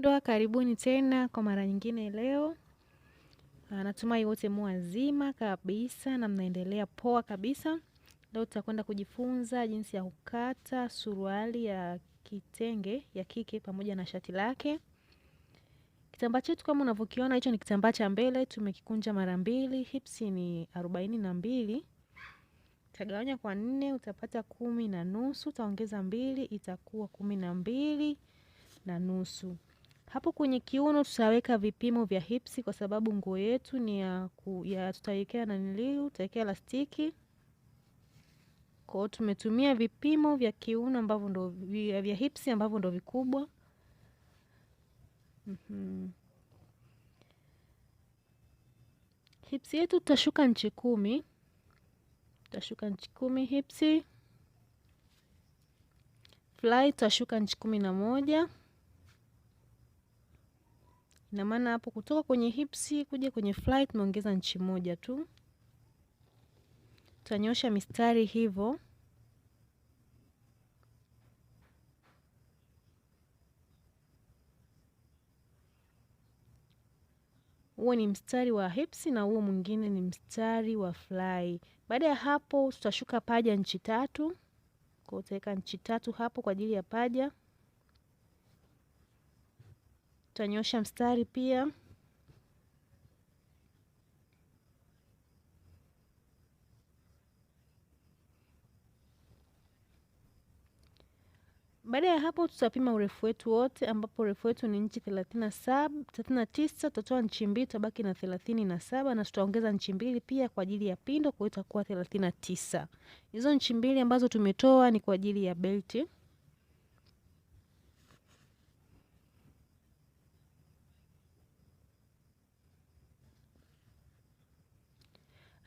Ndoa karibuni tena kwa mara nyingine leo. Ah, natumai wote mu wazima kabisa na mnaendelea poa kabisa. Leo tutakwenda kujifunza jinsi ya kukata suruali ya kitenge ya kike pamoja na shati lake. Kitambaa chetu kama unavyokiona hicho ni kitambaa cha mbele, tumekikunja mara mbili, hips ni arobaini na mbili. Utagawanya kwa nne utapata kumi na nusu, utaongeza mbili itakuwa kumi na mbili na nusu. Hapo kwenye kiuno tutaweka vipimo vya hipsi kwa sababu nguo yetu ni ya, ya tutawekea naniliu tutawekea lastiki. kwao tumetumia vipimo vya kiuno ambavyo ndo vya hipsi ambavyo ndo vikubwa. mm -hmm. Hipsi yetu tutashuka nchi kumi, tutashuka nchi kumi hipsi. Fly tutashuka nchi kumi na moja. Ina maana hapo kutoka kwenye hipsi kuja kwenye fly tumeongeza nchi moja tu. Tutanyosha mistari hivyo. Huo ni mstari wa hipsi na huo mwingine ni mstari wa fly. Baada ya hapo tutashuka paja nchi tatu. Kwa utaweka nchi tatu hapo kwa ajili ya paja tutanyosha mstari pia Baada ya hapo tutapima urefu wetu wote, ambapo urefu wetu ni inchi thelathini na tisa tutatoa nchi mbili, tutabaki na thelathini na saba na tutaongeza nchi mbili pia kwa ajili ya pindo, kwa hiyo itakuwa thelathini tisa. Hizo nchi mbili ambazo tumetoa ni kwa ajili ya belti.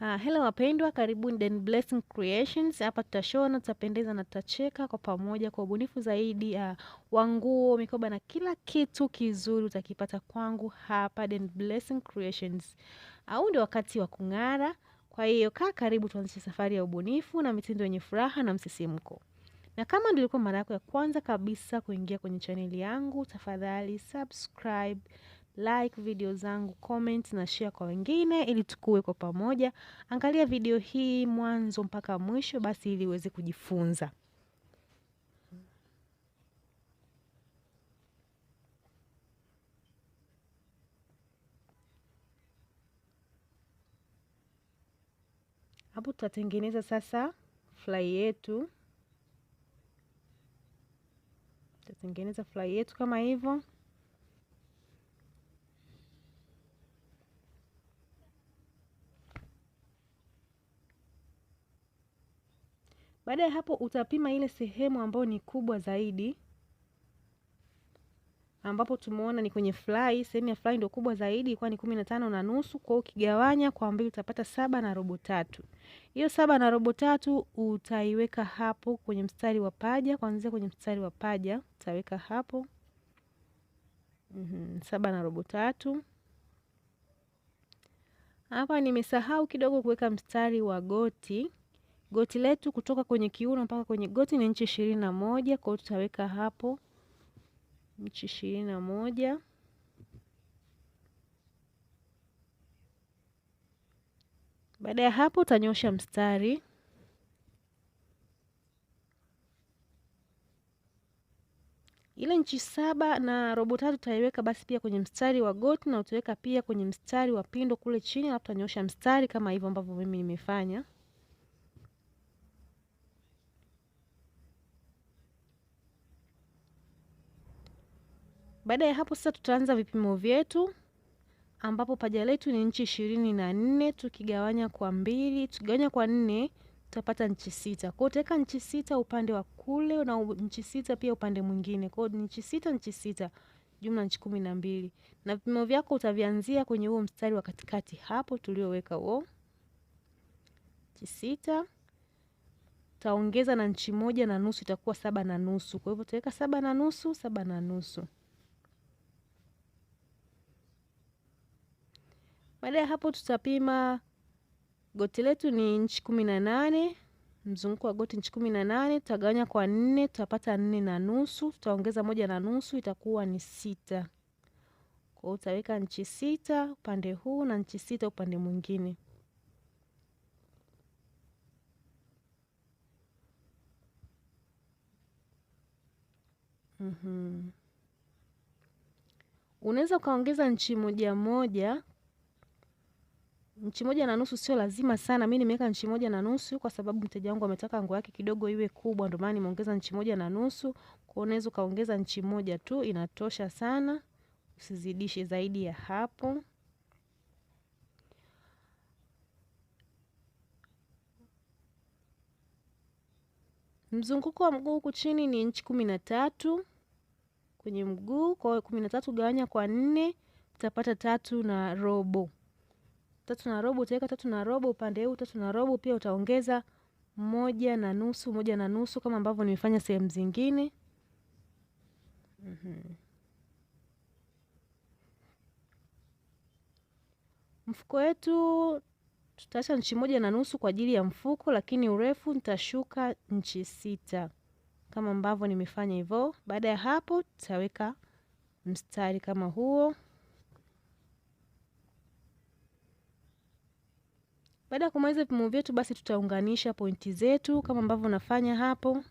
Ah, hello wapendwa, karibuni Den Blessing Creations. Hapa tutashona, tutapendeza na tutacheka kwa pamoja kwa ubunifu zaidi uh, wa nguo, mikoba na kila kitu kizuri utakipata kwangu hapa Den Blessing Creations. Au ah, ndio wakati wa kung'ara. Kwa hiyo kaa karibu, tuanzishe safari ya ubunifu na mitindo yenye furaha na msisimko. Na kama ndio ilikuwa mara yako ya kwanza kabisa kuingia kwenye chaneli yangu, tafadhali subscribe like video zangu, comment na share kwa wengine, ili tukue kwa pamoja. Angalia video hii mwanzo mpaka mwisho, basi ili uweze kujifunza. Hapo tutatengeneza sasa fly yetu, tutatengeneza fly yetu kama hivyo. Baada ya hapo utapima ile sehemu ambayo ni kubwa zaidi ambapo tumeona ni kwenye fly, sehemu ya fly ndio kubwa zaidi, ilikuwa ni kumi na tano na nusu. Kwa hiyo ukigawanya kwa mbili utapata saba na robo tatu. Hiyo saba na robo tatu utaiweka hapo kwenye mstari wa paja, kuanzia kwenye mstari wa paja utaweka hapo mm -hmm, saba na robo tatu. Hapa nimesahau kidogo kuweka mstari wa goti goti letu kutoka kwenye kiuno mpaka kwenye goti ni inchi ishirini na moja. Kwa hiyo tutaweka hapo inchi ishirini na moja baada ya hapo utanyosha mstari ile nchi saba na robo tatu utaiweka basi pia kwenye mstari wa goti na utaweka pia kwenye mstari wa pindo kule chini, alafu utanyosha mstari kama hivyo ambavyo mimi nimefanya. Baada ya hapo sasa tutaanza vipimo vyetu ambapo paja letu ni nchi ishirini na nne tukigawanya kwa mbili, tukigawanya kwa nne tutapata nchi sita. Kwa hiyo utaweka nchi sita upande wa kule na nchi sita pia upande mwingine. Kwa hiyo nchi sita nchi sita jumla nchi kumi na mbili, na vipimo vyako utavianzia kwenye huo mstari wa katikati hapo tulioweka huo nchi sita taongeza na nchi moja na nusu itakuwa saba na nusu. Kwa hivyo tutaweka saba na nusu saba na nusu. Baada ya hapo tutapima goti letu ni inchi kumi na nane mzunguko wa goti inchi kumi na nane tutagawanya kwa nne, tutapata nne na nusu, tutaongeza moja na nusu itakuwa ni sita. Kwa hiyo utaweka nchi sita upande huu na nchi sita upande mwingine. Mm -hmm. Unaweza ukaongeza nchi moja moja nchi moja na nusu sio lazima sana. Mi nimeweka nchi moja na nusu kwa sababu mteja wangu ametaka nguo yake kidogo iwe kubwa, ndio maana nimeongeza nchi moja na nusu. Kwa unaweza ukaongeza nchi moja tu inatosha sana, usizidishe zaidi ya hapo. Mzunguko wa mguu huku chini ni nchi kumi na tatu kwenye mguu, kwa kumi na tatu gawanya kwa nne, utapata tatu na robo tatu na robo utaweka tatu na robo upande huu tatu na robo pia utaongeza moja na nusu moja na nusu kama ambavyo nimefanya sehemu zingine mm -hmm. mfuko wetu tutaacha nchi moja na nusu kwa ajili ya mfuko, lakini urefu nitashuka nchi sita kama ambavyo nimefanya hivyo. Baada ya hapo tutaweka mstari kama huo. Baada ya kumaliza vipimo vyetu, basi tutaunganisha pointi zetu kama ambavyo nafanya hapo.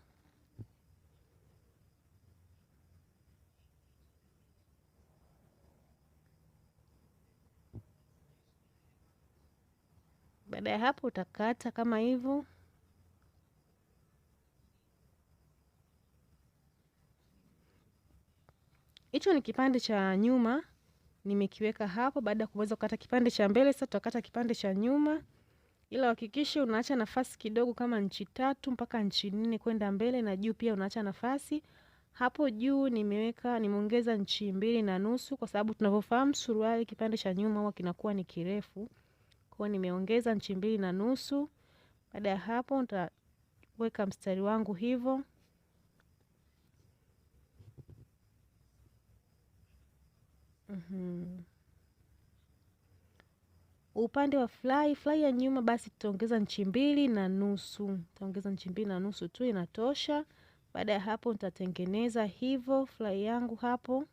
Baada ya hapo, utakata kama hivyo. Hicho ni kipande cha nyuma nimekiweka hapo. Baada ya kuweza kukata kipande cha mbele, sasa tutakata kipande cha nyuma ila uhakikishe unaacha nafasi kidogo kama nchi tatu mpaka nchi nne kwenda mbele, na juu pia unaacha nafasi. Hapo juu nimeweka nimeongeza nchi mbili na nusu kwa sababu tunavyofahamu suruali kipande cha nyuma huwa kinakuwa ni kirefu, kwa nimeongeza nchi mbili na nusu. Baada ya hapo nitaweka mstari wangu hivyo mm -hmm upande wa fly fly ya nyuma basi tutaongeza nchi mbili na nusu tutaongeza nchi mbili na nusu tu inatosha baada ya hapo nitatengeneza hivyo fly yangu hapo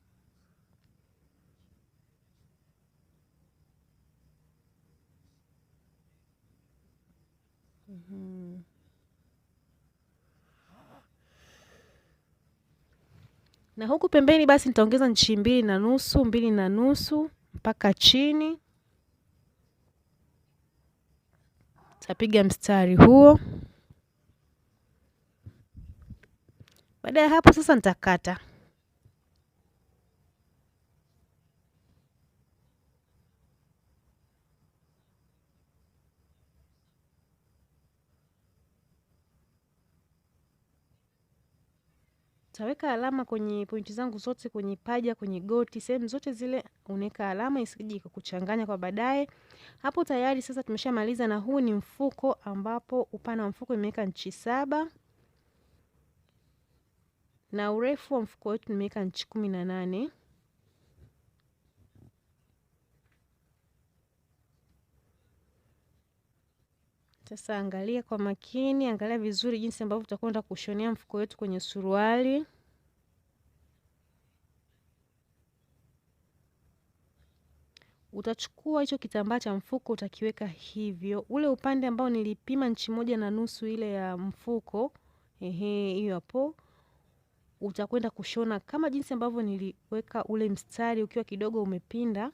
na huku pembeni basi nitaongeza nchi mbili na nusu mbili na nusu mpaka chini Tapiga mstari huo. Baada ya hapo sasa nitakata. taweka alama kwenye pointi zangu zote, kwenye paja, kwenye goti, sehemu zote zile unaweka alama, isije kukuchanganya kwa baadaye. Hapo tayari sasa tumeshamaliza, na huu ni mfuko ambapo upana wa mfuko imeweka nchi saba na urefu wa mfuko wetu nimeweka nchi kumi na nane. Sasa angalia kwa makini, angalia vizuri jinsi ambavyo tutakwenda kushonea mfuko wetu kwenye suruali. Utachukua hicho kitambaa cha mfuko utakiweka hivyo, ule upande ambao nilipima nchi moja na nusu ile ya mfuko, ehe, hiyo hapo utakwenda kushona kama jinsi ambavyo niliweka ule mstari ukiwa kidogo umepinda,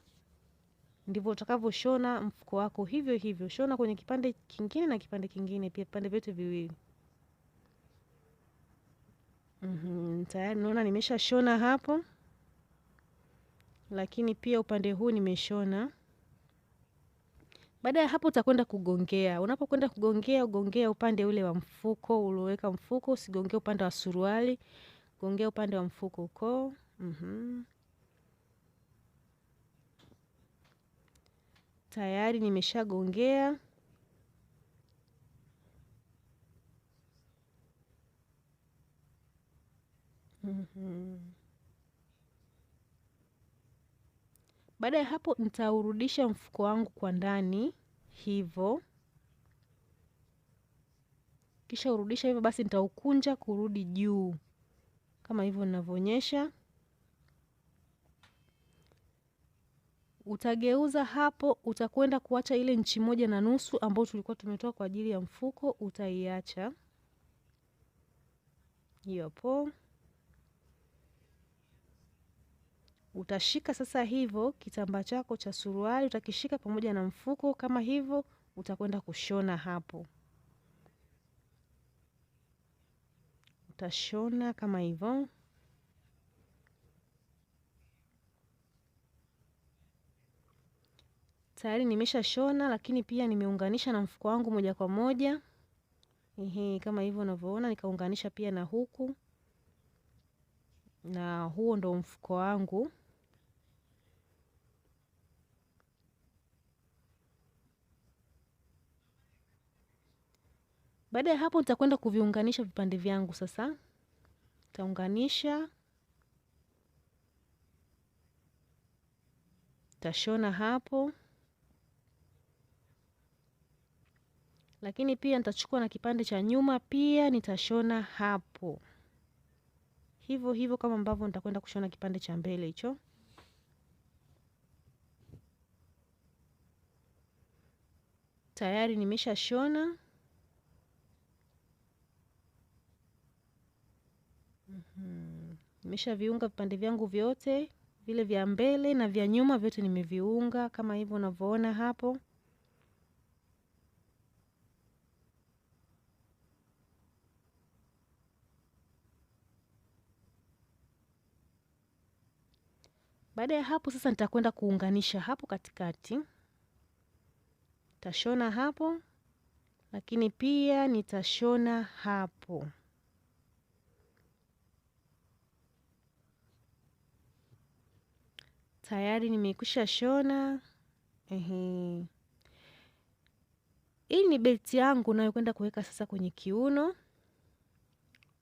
ndivyo utakavyoshona mfuko wako hivyo hivyo. Shona kwenye kipande kingine na kipande kingine pia, vipande vyote viwili. Mm-hmm, tayari naona nimesha shona hapo lakini pia upande huu nimeshona. Baada ya hapo utakwenda kugongea. Unapokwenda kugongea, ugongea upande ule wa mfuko ulioweka mfuko, usigongee upande wa suruali, gongea upande wa mfuko huko. mm -hmm. Tayari nimeshagongea. mm -hmm. Baada ya hapo nitaurudisha mfuko wangu kwa ndani hivyo kisha urudisha hivyo basi, nitaukunja kurudi juu kama hivyo ninavyoonyesha. Utageuza hapo, utakwenda kuacha ile nchi moja na nusu ambayo tulikuwa tumetoa kwa ajili ya mfuko, utaiacha hiyo hapo. Utashika sasa hivyo kitambaa chako cha suruali utakishika pamoja na mfuko kama hivyo, utakwenda kushona hapo, utashona kama hivyo. Tayari nimesha shona, lakini pia nimeunganisha na mfuko wangu moja kwa moja. Ehe, kama hivyo unavyoona, nikaunganisha pia na huku, na huo ndo mfuko wangu. Baada ya hapo nitakwenda kuviunganisha vipande vyangu sasa. taunganisha tashona hapo, lakini pia nitachukua na kipande cha nyuma pia nitashona hapo hivyo hivyo, kama ambavyo nitakwenda kushona kipande cha mbele hicho. Tayari nimeshashona. Nimesha viunga vipande vyangu vyote vile vya mbele na vya nyuma vyote nimeviunga kama hivyo unavyoona hapo. Baada ya hapo sasa nitakwenda kuunganisha hapo katikati, tashona hapo, lakini pia nitashona hapo. Tayari nimekusha shona. Ehe. Hii ni belt yangu nayokwenda kuweka sasa kwenye kiuno.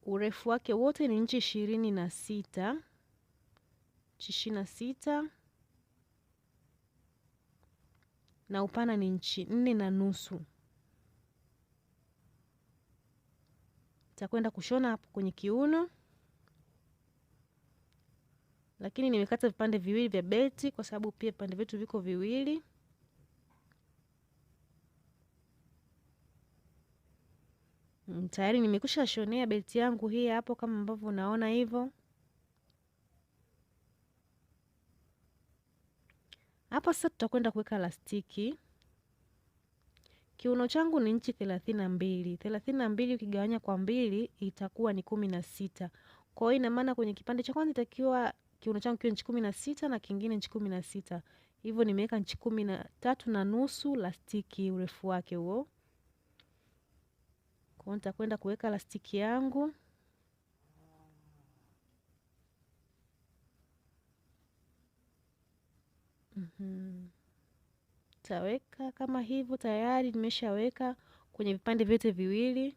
Urefu wake wote ni inchi ishirini na sita inchi ishirini na sita na upana ni inchi nne na nusu. takwenda kushona hapo kwenye kiuno lakini nimekata vipande viwili vya beti kwa sababu pia vipande vyetu viko viwili. Mm, tayari nimekusha shonea beti yangu hii hapo, kama ambavyo unaona hivyo. Hapa sasa tutakwenda kuweka lastiki. Kiuno changu ni nchi thelathini na mbili. Thelathini na mbili ukigawanya kwa mbili itakuwa ni kumi na sita. Kwa hiyo ina maana kwenye kipande cha kwanza itakiwa kiuno changu kiwe nchi kumi na sita na kingine nchi kumi na sita hivyo nimeweka nchi kumi na tatu na nusu lastiki urefu wake huo. kwao nitakwenda kuweka lastiki yangu mhm. taweka kama hivyo. Tayari nimeshaweka kwenye vipande vyote viwili.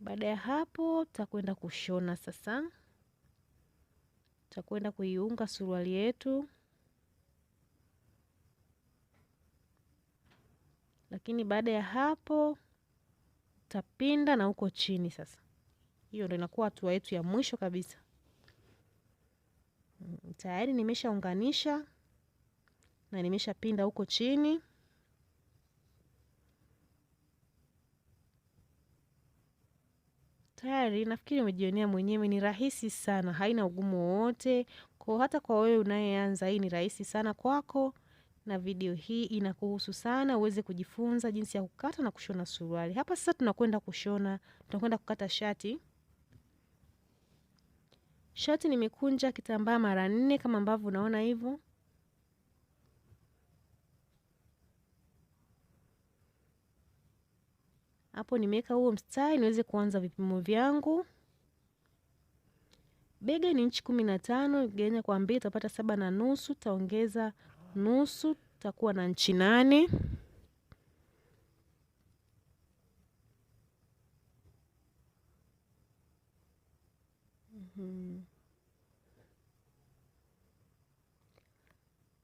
Baada ya hapo, tutakwenda kushona sasa. Tutakwenda kuiunga suruali yetu, lakini baada ya hapo tutapinda na huko chini sasa. Hiyo ndio inakuwa hatua yetu ya mwisho kabisa. Mm, tayari nimeshaunganisha na nimeshapinda huko chini. Tayari, nafikiri umejionea mwenyewe ni rahisi sana, haina ugumu wowote. ko hata kwa wewe unayeanza hii ni rahisi sana kwako na video hii inakuhusu sana uweze kujifunza jinsi ya kukata na kushona suruali. Hapa sasa tunakwenda kushona, tunakwenda kukata shati. Shati nimekunja kitambaa mara nne kama ambavyo unaona hivyo. hapo nimeweka huo mstari niweze kuanza vipimo vyangu. Bega ni inchi kumi na tano gawanya kwa mbili tutapata saba na nusu, taongeza nusu, tutakuwa na inchi nane.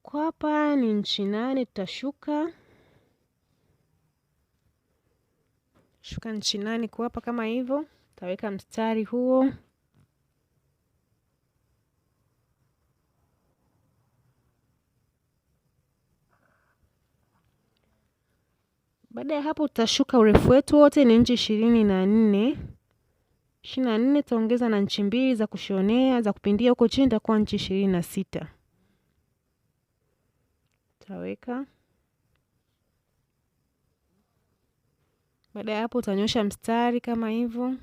Kwapa ni inchi nane, tutashuka shuka nchi nane kuwapa kama hivyo, taweka mstari huo Baada ya hapo tutashuka urefu wetu wote ni nchi ishirini na nne ishirini na nne taongeza na nchi mbili za kushonea za kupindia huko chini, itakuwa nchi ishirini na sita taweka Baada ya hapo utanyosha mstari kama hivyo.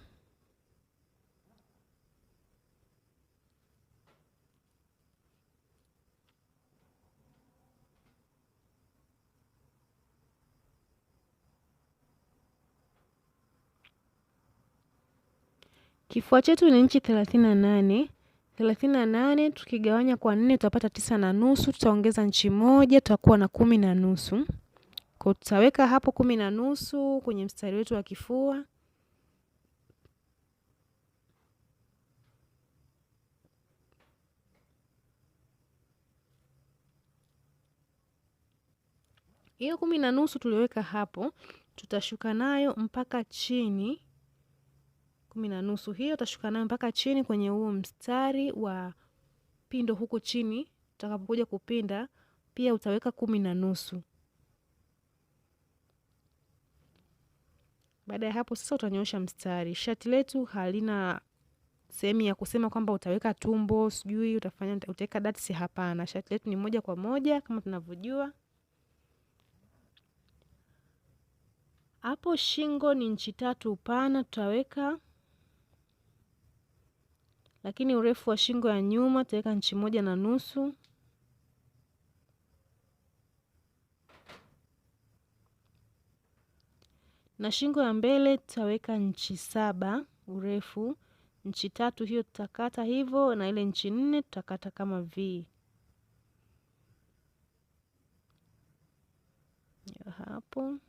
Kifua chetu ni nchi thelathini na nane thelathini na nane tukigawanya kwa nne tutapata tisa na nusu. Tutaongeza nchi moja, tutakuwa na kumi na nusu. Kwa tutaweka hapo kumi na nusu kwenye mstari wetu wa kifua hiyo kumi na nusu tuliweka hapo, tutashuka nayo mpaka chini. Kumi na nusu hiyo tutashuka nayo mpaka chini kwenye huo mstari wa pindo huku chini. Utakapokuja kupinda pia utaweka kumi na nusu. Baada ya hapo sasa utanyoosha mstari. Shati letu halina sehemu ya kusema kwamba utaweka tumbo, sijui utafanya utaweka datsi. Hapana, shati letu ni moja kwa moja kama tunavyojua. Hapo shingo ni nchi tatu upana tutaweka, lakini urefu wa shingo ya nyuma tutaweka nchi moja na nusu. na shingo ya mbele tutaweka nchi saba urefu, nchi tatu hiyo tutakata hivyo, na ile nchi nne tutakata kama v ya hapo.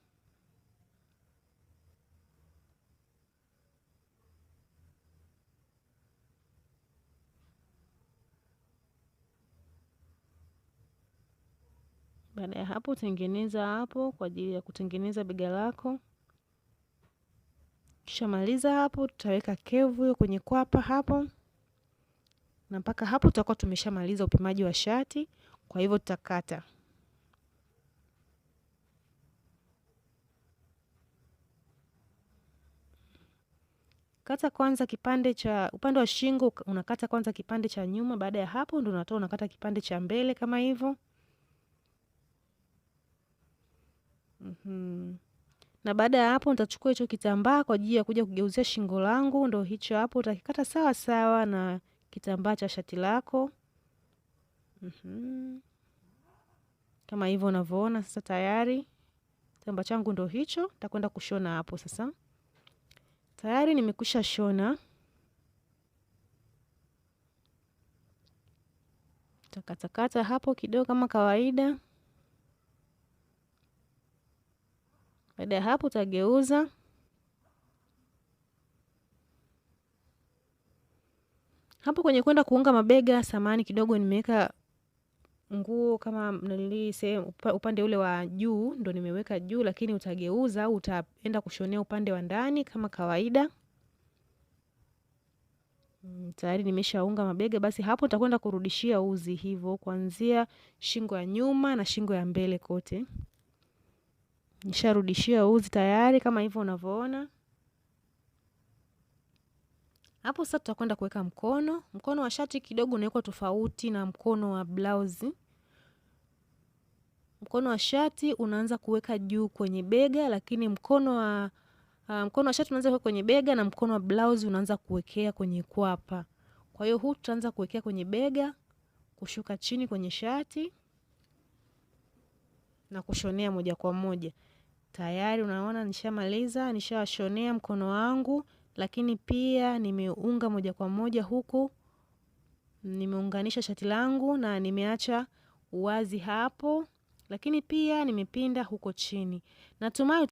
Baada ya hapo, utengeneza hapo kwa ajili ya kutengeneza bega lako. Kishamaliza hapo, tutaweka kevu hiyo kwenye kwapa hapo, na mpaka hapo tutakuwa tumeshamaliza upimaji wa shati. Kwa hivyo tutakata kata kwanza kipande cha upande wa shingo, unakata kwanza kipande cha nyuma. Baada ya hapo, ndio unatoa unakata kipande cha mbele kama hivyo. mm -hmm na baada ya hapo nitachukua hicho kitambaa kwa ajili ya kuja kugeuzia shingo langu. Ndo hicho hapo, utakikata sawa sawa na kitambaa cha shati lako. Mm-hmm. Kama hivyo unavyoona sasa, tayari kitamba changu ndo hicho, nitakwenda kushona hapo sasa. Tayari nimekwisha shona, takatakata hapo kidogo kama kawaida. Baada ya hapo utageuza hapo kwenye kwenda kuunga mabega. Samani kidogo, nimeweka nguo kama nili sehemu upande ule wa juu ndo nimeweka juu, lakini utageuza au utaenda kushonea upande wa ndani kama kawaida. Mm, tayari nimeshaunga mabega. Basi hapo nitakwenda kurudishia uzi hivyo kuanzia shingo ya nyuma na shingo ya mbele kote nisharudishia uzi tayari kama hivyo unavyoona hapo. Sasa tutakwenda kuweka mkono. Mkono wa shati kidogo unawekwa tofauti na mkono wa blauzi. Mkono wa shati unaanza kuweka juu kwenye bega, lakini mkono wa uh, mkono wa shati unaanza kuweka kwenye bega na mkono wa blauzi unaanza kuwekea kwenye kwapa. Kwa hiyo huu tutaanza kuwekea kwenye bega, kushuka chini kwenye shati na kushonea moja kwa moja. Tayari unaona nishamaliza, nishawashonea mkono wangu, lakini pia nimeunga moja kwa moja huku, nimeunganisha shati langu na nimeacha uwazi hapo, lakini pia nimepinda huko chini. Natumai